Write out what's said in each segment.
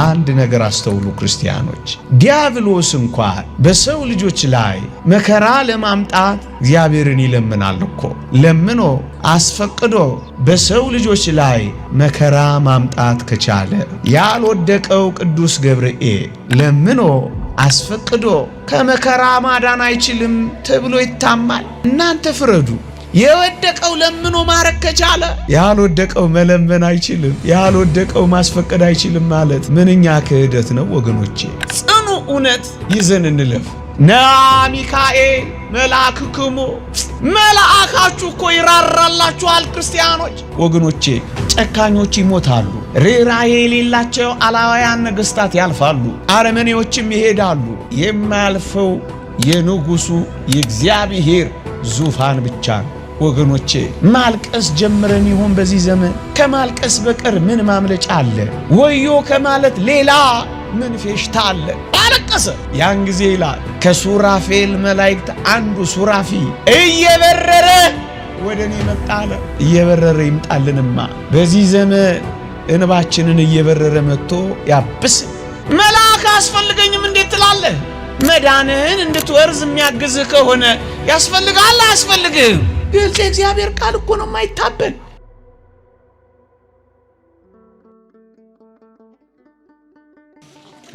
አንድ ነገር አስተውሉ ክርስቲያኖች፣ ዲያብሎስ እንኳን በሰው ልጆች ላይ መከራ ለማምጣት እግዚአብሔርን ይለምናል እኮ። ለምኖ አስፈቅዶ በሰው ልጆች ላይ መከራ ማምጣት ከቻለ ያልወደቀው ቅዱስ ገብርኤል ለምኖ አስፈቅዶ ከመከራ ማዳን አይችልም ተብሎ ይታማል። እናንተ ፍረዱ። የወደቀው ለምኖ ማረግ ከቻለ ያልወደቀው መለመን አይችልም፣ ያልወደቀው ማስፈቀድ አይችልም ማለት ምንኛ ክህደት ነው ወገኖቼ። ጽኑ እውነት ይዘን እንለፍ። ና ሚካኤል ክሙ መልአካችሁ እኮ ይራራላችኋል። ክርስቲያኖች ወገኖቼ፣ ጨካኞች ይሞታሉ። ርኅራኄ የሌላቸው አላውያን ነገሥታት ያልፋሉ፣ አረመኔዎችም ይሄዳሉ። የማያልፈው የንጉሡ የእግዚአብሔር ዙፋን ብቻ ነው። ወገኖቼ ማልቀስ ጀምረን ይሆን? በዚህ ዘመን ከማልቀስ በቀር ምን ማምለጫ አለ? ወዮ ከማለት ሌላ ምን ፌሽታ አለ? አለቀሰ። ያን ጊዜ ይላል ከሱራፌል መላእክት አንዱ ሱራፊ እየበረረ ወደ እኔ መጣ አለ። እየበረረ ይምጣልንማ። በዚህ ዘመን እንባችንን እየበረረ መጥቶ ያብስ መልአክ አያስፈልገኝም እንዴት ትላለህ? መዳንህን እንድትወርዝ የሚያግዝህ ከሆነ ያስፈልግሃል አያስፈልግህም? ግልጽ የእግዚአብሔር ቃል እኮ ነው የማይታበል።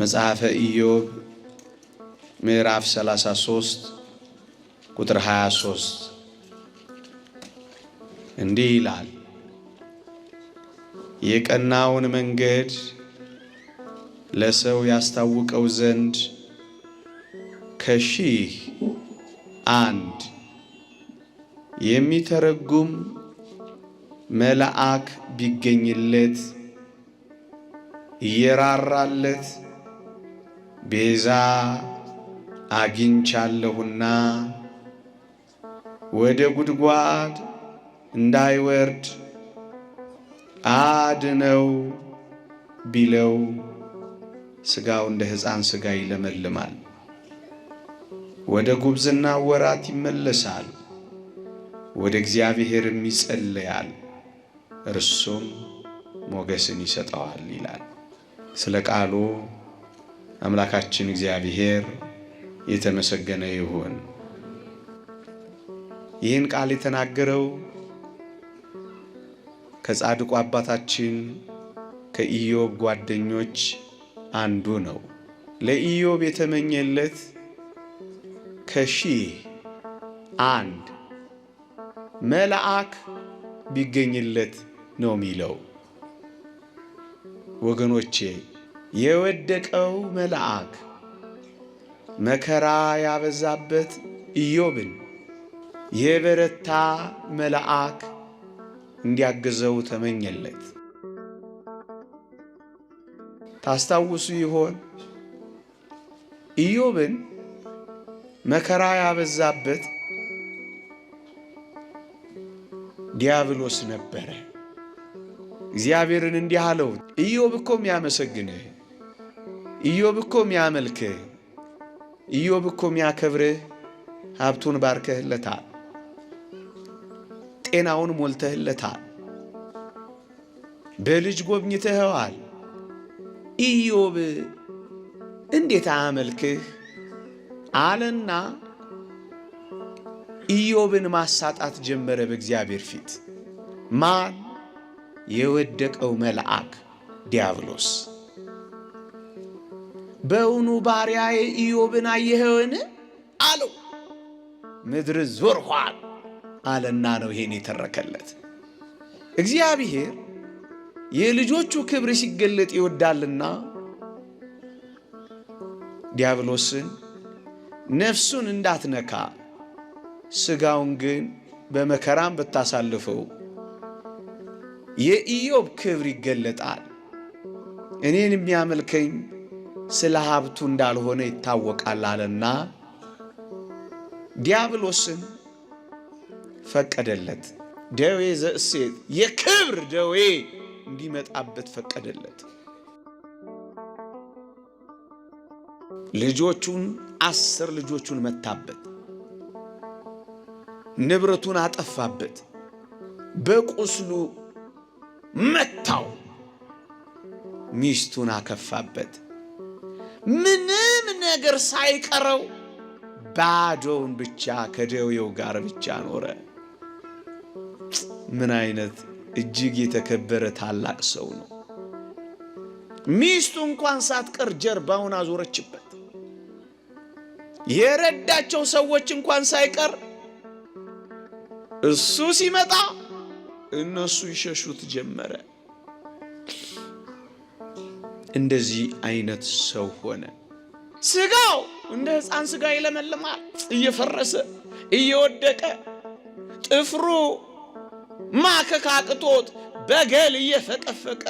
መጽሐፈ ኢዮብ ምዕራፍ 33 ቁጥር 23 እንዲህ ይላል፣ የቀናውን መንገድ ለሰው ያስታውቀው ዘንድ ከሺህ አንድ የሚተረጉም መልአክ ቢገኝለት እየራራለት ቤዛ አግኝቻለሁና ወደ ጉድጓድ እንዳይወርድ አድነው ቢለው ሥጋው እንደ ሕፃን ሥጋ ይለመልማል፣ ወደ ጉብዝና ወራት ይመለሳል። ወደ እግዚአብሔርም ይጸለያል እርሱም ሞገስን ይሰጠዋል ይላል። ስለ ቃሉ አምላካችን እግዚአብሔር የተመሰገነ ይሁን። ይህን ቃል የተናገረው ከጻድቁ አባታችን ከኢዮብ ጓደኞች አንዱ ነው። ለኢዮብ የተመኘለት ከሺህ አንድ መልአክ ቢገኝለት ነው የሚለው። ወገኖቼ የወደቀው መልአክ መከራ ያበዛበት ኢዮብን የበረታ መልአክ እንዲያግዘው ተመኘለት። ታስታውሱ ይሆን? ኢዮብን መከራ ያበዛበት ዲያብሎስ ነበረ። እግዚአብሔርን እንዲህ አለው፣ ኢዮብ እኮ ሚያመሰግንህ፣ ኢዮብ እኮ ሚያመልክህ፣ ኢዮብ እኮ ሚያከብርህ፣ ሀብቱን ባርከህለታል፣ ጤናውን ሞልተህለታል፣ በልጅ ጎብኝተኸዋል። ኢዮብ እንዴት አያመልክህ አለና ኢዮብን ማሳጣት ጀመረ በእግዚአብሔር ፊት። ማን? የወደቀው መልአክ ዲያብሎስ። በውኑ ባሪያዬ ኢዮብን አየኸውን አለው። ምድር ዞርኋል አለና ነው ይሄን የተረከለት። እግዚአብሔር የልጆቹ ክብር ሲገለጥ ይወዳልና ዲያብሎስን ነፍሱን እንዳትነካ ሥጋውን ግን በመከራም ብታሳልፈው የኢዮብ ክብር ይገለጣል። እኔን የሚያመልከኝ ስለ ሀብቱ እንዳልሆነ ይታወቃል አለና ዲያብሎስን ፈቀደለት። ደዌ ዘእሴት የክብር ደዌ እንዲመጣበት ፈቀደለት። ልጆቹን አስር ልጆቹን መታበት። ንብረቱን አጠፋበት። በቁስሉ መታው፣ ሚስቱን አከፋበት። ምንም ነገር ሳይቀረው ባዶውን ብቻ ከደዌው ጋር ብቻ ኖረ። ምን አይነት እጅግ የተከበረ ታላቅ ሰው ነው! ሚስቱ እንኳን ሳትቀር ጀርባውን አዞረችበት። የረዳቸው ሰዎች እንኳን ሳይቀር እሱ ሲመጣ እነሱ ይሸሹት ጀመረ። እንደዚህ አይነት ሰው ሆነ። ስጋው እንደ ሕፃን ስጋ ይለመልማል፣ እየፈረሰ እየወደቀ ጥፍሩ ማከክ አቅቶት በገል እየፈቀፈቀ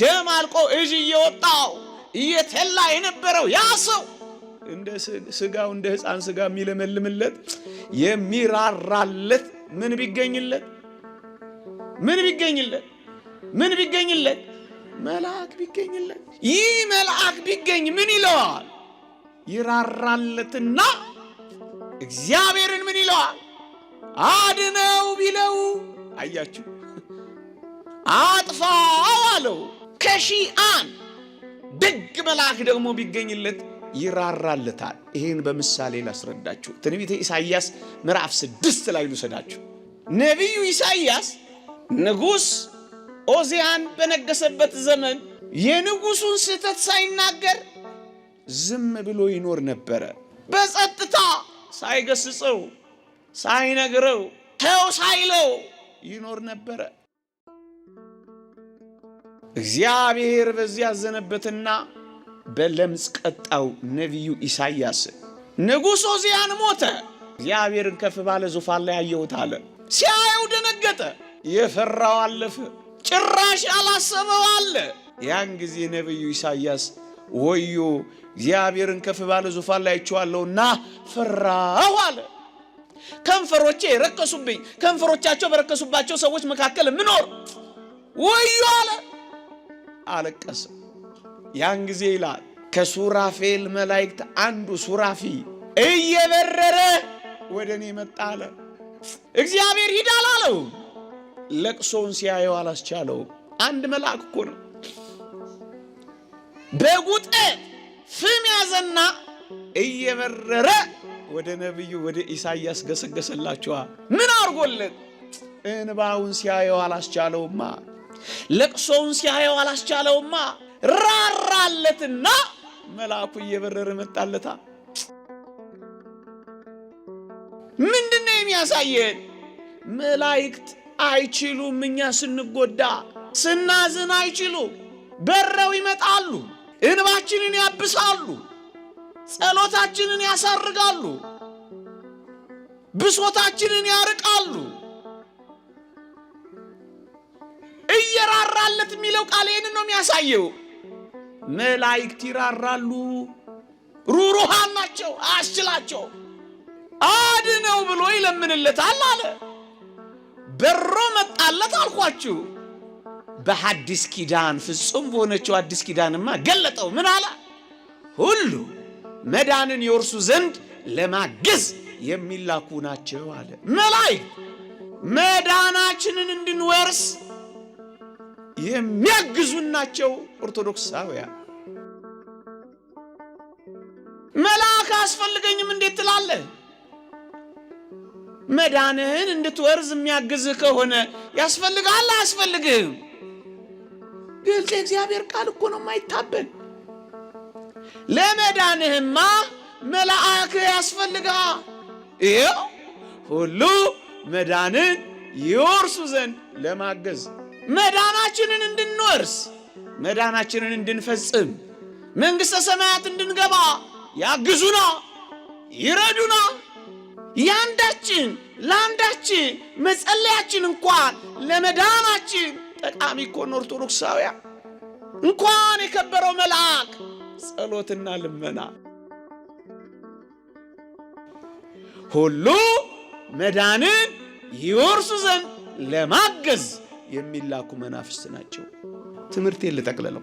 ደም አልቆ እጅ እየወጣው እየተላ የነበረው ያ ሰው እንደ ስጋው እንደ ሕፃን ስጋ የሚለመልምለት የሚራራለት ምን ቢገኝለት ምን ቢገኝለት ምን ቢገኝለት መልአክ ቢገኝለት ይህ መልአክ ቢገኝ ምን ይለዋል? ይራራለትና እግዚአብሔርን ምን ይለዋል? አድነው ቢለው አያችሁ፣ አጥፋው አለው። ከሺአን አንድ ደግ መልአክ ደግሞ ቢገኝለት ይራራለታል። ይህን በምሳሌ ላስረዳችሁ። ትንቢተ ኢሳይያስ ምዕራፍ ስድስት ላይ ልውሰዳችሁ። ነቢዩ ኢሳይያስ ንጉሥ ኦዚያን በነገሰበት ዘመን የንጉሱን ስህተት ሳይናገር ዝም ብሎ ይኖር ነበረ። በጸጥታ ሳይገስጸው፣ ሳይነግረው፣ ተው ሳይለው ይኖር ነበረ። እግዚአብሔር በዚህ ያዘነበትና በለምጽ ቀጣው ነቢዩ ኢሳይያስ። ንጉሥ ዖዝያን ሞተ፣ እግዚአብሔርን ከፍ ባለ ዙፋን ላይ አየሁት አለ። ሲያየው ደነገጠ፣ የፈራው አለፈ፣ ጭራሽ አላሰበው አለ። ያን ጊዜ ነቢዩ ኢሳይያስ ወዮ እግዚአብሔርን ከፍ ባለ ዙፋን ላይ አይቼዋለሁና ፈራሁ አለ። ከንፈሮቼ ረከሱብኝ፣ ከንፈሮቻቸው በረከሱባቸው ሰዎች መካከል ምኖር ወዮ አለ። አለቀሰ። ያን ጊዜ ይላል ከሱራፌል መላእክት አንዱ ሱራፊ እየበረረ ወደ እኔ መጣ አለ። እግዚአብሔር ሂዳል አለው ለቅሶውን ሲያየው አላስቻለው አንድ መልአክ እኮ ነው። በጉጠ ፍም ያዘና እየበረረ ወደ ነቢዩ ወደ ኢሳይያስ ገሰገሰላቸዋል። ምን አድርጎለት? እንባውን ሲያየው አላስቻለውማ። ለቅሶውን ሲያየው አላስቻለውማ። ራራለትና መልአኩ እየበረረ መጣለታ። ምንድነው የሚያሳየን? መላእክት አይችሉም። እኛ ስንጎዳ ስናዝን አይችሉ በረው ይመጣሉ። እንባችንን ያብሳሉ። ጸሎታችንን ያሳርጋሉ። ብሶታችንን ያርቃሉ። እየራራለት የሚለው ቃል ይህንን ነው የሚያሳየው። መላእክት ይራራሉ። ሩሩሃን ናቸው፣ አስችላቸው አድነው ብሎ ይለምንለታል አለ። በሮ መጣለት አልኳችሁ። በሐዲስ ኪዳን ፍጹም በሆነችው አዲስ ኪዳንማ ገለጠው። ምን አለ? ሁሉ መዳንን የወርሱ ዘንድ ለማገዝ የሚላኩ ናቸው አለ። መላእክት መዳናችንን እንድንወርስ የሚያግዙን ናቸው ኦርቶዶክሳውያን አያስፈልገኝም እንዴት ትላለህ? መዳንህን እንድትወርዝ የሚያግዝህ ከሆነ ያስፈልግሃል አያስፈልግህም? ግልጽ የእግዚአብሔር ቃል እኮ ነው የማይታበል። ለመዳንህማ መላአክ ያስፈልግሃል። ይኸው ሁሉ መዳንን ይወርሱ ዘንድ ለማገዝ መዳናችንን እንድንወርስ መዳናችንን እንድንፈጽም መንግሥተ ሰማያት እንድንገባ ያግዙና ይረዱና ያንዳችን ለአንዳችን መጸለያችን እንኳን ለመዳናችን ጠቃሚ እኮ ኦርቶዶክሳውያ እንኳን የከበረው መልአክ ጸሎትና ልመና ሁሉ መዳንን ይወርሱ ዘንድ ለማገዝ የሚላኩ መናፍስት ናቸው። ትምህርቴን ልጠቅልለው።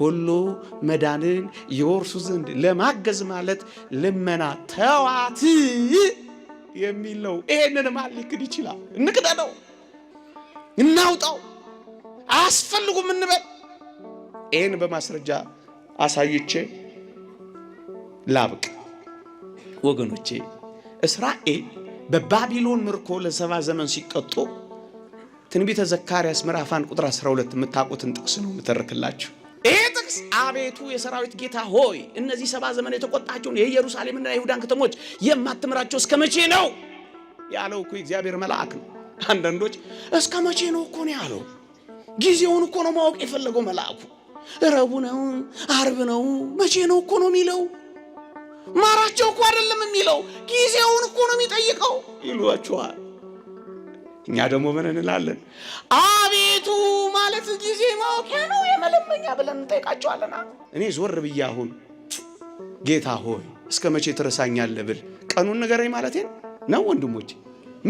ሁሉ መዳንን ይወርሱ ዘንድ ለማገዝ ማለት ልመና ተዋት የሚል ነው። ይሄንን ማን ሊክድ ይችላል? እንቅደደው፣ እናውጣው፣ አያስፈልጉም እንበል። ይህን በማስረጃ አሳይቼ ላብቅ። ወገኖቼ እስራኤል በባቢሎን ምርኮ ለሰባ ዘመን ሲቀጡ ትንቢተ ዘካርያስ ምዕራፍ 1 ቁጥር 12 የምታውቁትን ጥቅስ ነው የምተርክላችሁ። ይሄ ጥቅስ አቤቱ የሰራዊት ጌታ ሆይ እነዚህ ሰባ ዘመን የተቆጣቸውን የኢየሩሳሌምና የይሁዳን ከተሞች የማትምራቸው እስከ መቼ ነው ያለው እኮ እግዚአብሔር መልአክ ነው። አንዳንዶች እስከ መቼ ነው እኮ ነው ያለው። ጊዜውን እኮ ነው ማወቅ የፈለገው መልአኩ። ረቡ ነው አርብ ነው መቼ ነው እኮ ነው የሚለው። ማራቸው እኮ አይደለም የሚለው ጊዜውን እኮ ነው የሚጠይቀው ይሏቸዋል። እኛ ደግሞ ምን እንላለን? አቤቱ ማለት ጊዜ ማወቂያ ነው የመለመኛ ብለን እንጠይቃቸዋለና። እኔ ዞር ብዬ አሁን ጌታ ሆይ እስከ መቼ ትረሳኛለህ ብል ቀኑን ንገረኝ ማለቴ ነው ወንድሞች፣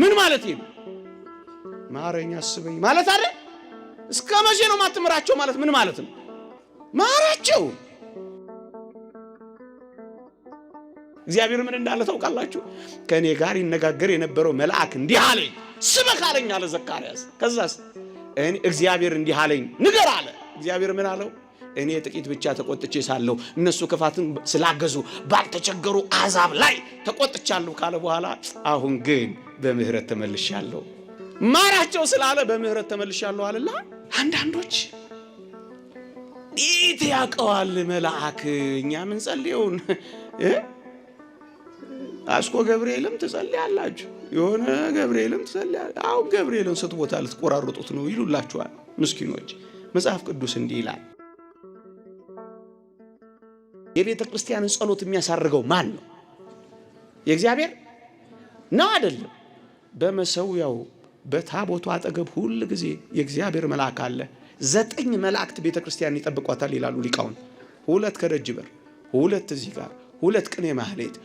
ምን ማለት ነው? ማረኝ አስበኝ ማለት አይደል? እስከ መቼ ነው ማትምራቸው ማለት ምን ማለት ነው? ማራቸው እግዚአብሔር ምን እንዳለ ታውቃላችሁ? ከእኔ ጋር ይነጋገር የነበረው መልአክ እንዲህ አለኝ፣ ስበክ አለኝ አለ ዘካርያስ። ከዛስ እግዚአብሔር እንዲህ አለኝ ንገር አለ። እግዚአብሔር ምን አለው? እኔ ጥቂት ብቻ ተቆጥቼ ሳለሁ እነሱ ክፋትን ስላገዙ ባልተቸገሩ አሕዛብ ላይ ተቆጥቻለሁ ካለ በኋላ አሁን ግን በምህረት ተመልሻለሁ ማራቸው ስላለ በምህረት ተመልሻለሁ አለላ። አንዳንዶች ኢት ያውቀዋል መልአክ እኛ ምን ጸልየውን አስኮ ገብርኤልም ትጸልያላችሁ፣ የሆነ ገብርኤልም ትጸልያላችሁ። አሁን ገብርኤልን ስት ቦታ ልትቆራርጡት ነው ይሉላችኋል ምስኪኖች። መጽሐፍ ቅዱስ እንዲህ ይላል፣ የቤተ ክርስቲያንን ጸሎት የሚያሳርገው ማን ነው? የእግዚአብሔር ነው አይደለም። በመሰዊያው በታቦቱ አጠገብ ሁል ጊዜ የእግዚአብሔር መልአክ አለ። ዘጠኝ መላእክት ቤተ ክርስቲያን ይጠብቋታል ይላሉ ሊቃውን። ሁለት ከደጅ በር፣ ሁለት እዚህ ጋር፣ ሁለት ቅኔ ማህሌት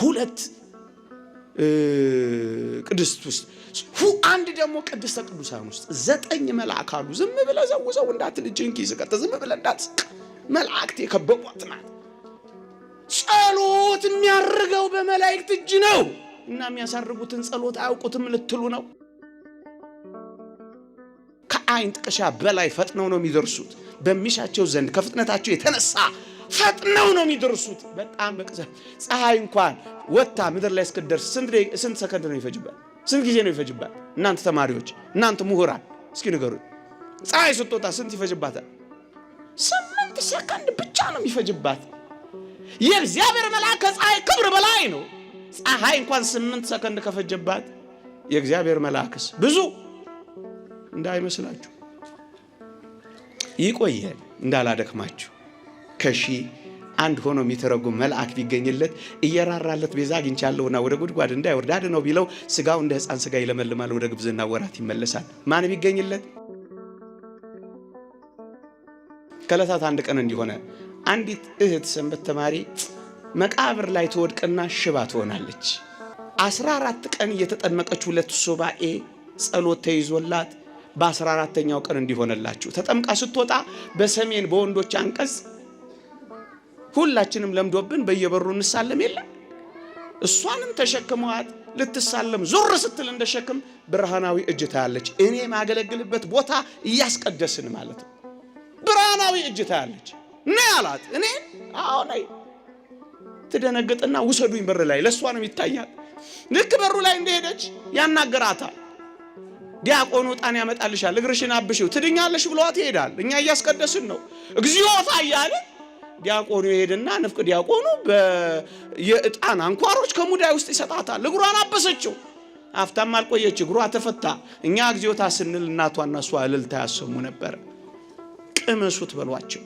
ሁለት ቅድስት ውስጥ አንድ ደግሞ ቅድስተ ቅዱሳን ውስጥ ዘጠኝ መልአክ አሉ። ዝም ብለ ዘው ዘው እንዳትል፣ እጅህን ስቀጥ ዝም ብለ እንዳትስቅ። መላእክት የከበቧት ናት። ጸሎት የሚያርገው በመላእክት እጅ ነው እና የሚያሳርጉትን ጸሎት አያውቁትም ልትሉ ነው። ከአይን ጥቅሻ በላይ ፈጥነው ነው የሚደርሱት በሚሻቸው ዘንድ ከፍጥነታቸው የተነሳ ፈጥነው ነው የሚደርሱት። በጣም በቅጽበት ፀሐይ እንኳን ወታ ምድር ላይ እስክትደርስ ስንት ሰከንድ ነው ይፈጅባል? ስንት ጊዜ ነው ይፈጅባል? እናንተ ተማሪዎች፣ እናንተ ምሁራን እስኪ ንገሩኝ። ፀሐይ ስትወጣ ስንት ይፈጅባታል? ስምንት ሰከንድ ብቻ ነው የሚፈጅባት። የእግዚአብሔር መልአክ ከፀሐይ ክብር በላይ ነው። ፀሐይ እንኳን ስምንት ሰከንድ ከፈጀባት የእግዚአብሔር መልአክስ ብዙ እንዳይመስላችሁ። ይቆየን እንዳላደክማችሁ ከሺ አንድ ሆኖ የሚተረጉም መልአክ ቢገኝለት እየራራለት ቤዛ አግኝቻለሁና ወደ ጉድጓድ እንዳይወርድ አድነው ቢለው ስጋው እንደ ሕፃን ስጋ ይለመልማል፣ ወደ ግብዝና ወራት ይመለሳል። ማን ቢገኝለት? ከዕለታት አንድ ቀን እንዲሆነ አንዲት እህት ሰንበት ተማሪ መቃብር ላይ ትወድቅና ሽባ ትሆናለች። አስራ አራት ቀን እየተጠመቀች ሁለት ሱባኤ ጸሎት ተይዞላት በአስራ አራተኛው ቀን እንዲሆነላችሁ ተጠምቃ ስትወጣ በሰሜን በወንዶች አንቀጽ ሁላችንም ለምዶብን በየበሩ እንሳለም የለም እሷንም ተሸክመዋት ልትሳለም ዞር ስትል እንደሸክም ብርሃናዊ እጅ ታያለች። እኔ የማገለግልበት ቦታ እያስቀደስን ማለት ነው። ብርሃናዊ እጅ ታያለች። ነይ አላት። እኔ አዎ ነይ። ትደነግጥና ውሰዱኝ በር ላይ ለእሷንም ይታያል። ልክ በሩ ላይ እንደሄደች ያናግራታል። ዲያቆኑ ዕጣን ያመጣልሻል፣ እግርሽን አብሽው ትድኛለሽ ብለዋት ይሄዳል። እኛ እያስቀደስን ነው እግዚኦታ እያልን ዲያቆኑ ይሄድና ንፍቅ ዲያቆኑ የእጣን አንኳሮች ከሙዳይ ውስጥ ይሰጣታል። እግሯን አበሰችው። አፍታም አልቆየች፣ እግሯ ተፈታ። እኛ እግዚኦታ ስንል እናቷና እሷ እልልታ ያሰሙ ነበር። ቅመሱት በሏቸው፣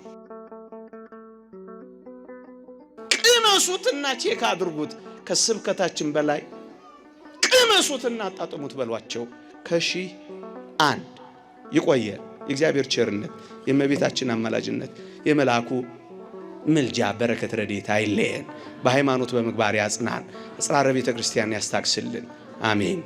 ቅመሱትና ቼክ አድርጉት። ከስብከታችን በላይ ቅመሱትና አጣጥሙት በሏቸው። ከሺህ አንድ ይቆየ። የእግዚአብሔር ቸርነት፣ የእመቤታችን አማላጅነት፣ የመልአኩ ምልጃ፣ በረከት፣ ረድኤት አይለየን። በሃይማኖት በምግባር ያጽናን። አጽራረ ቤተ ክርስቲያን ያስታግስልን። አሜን።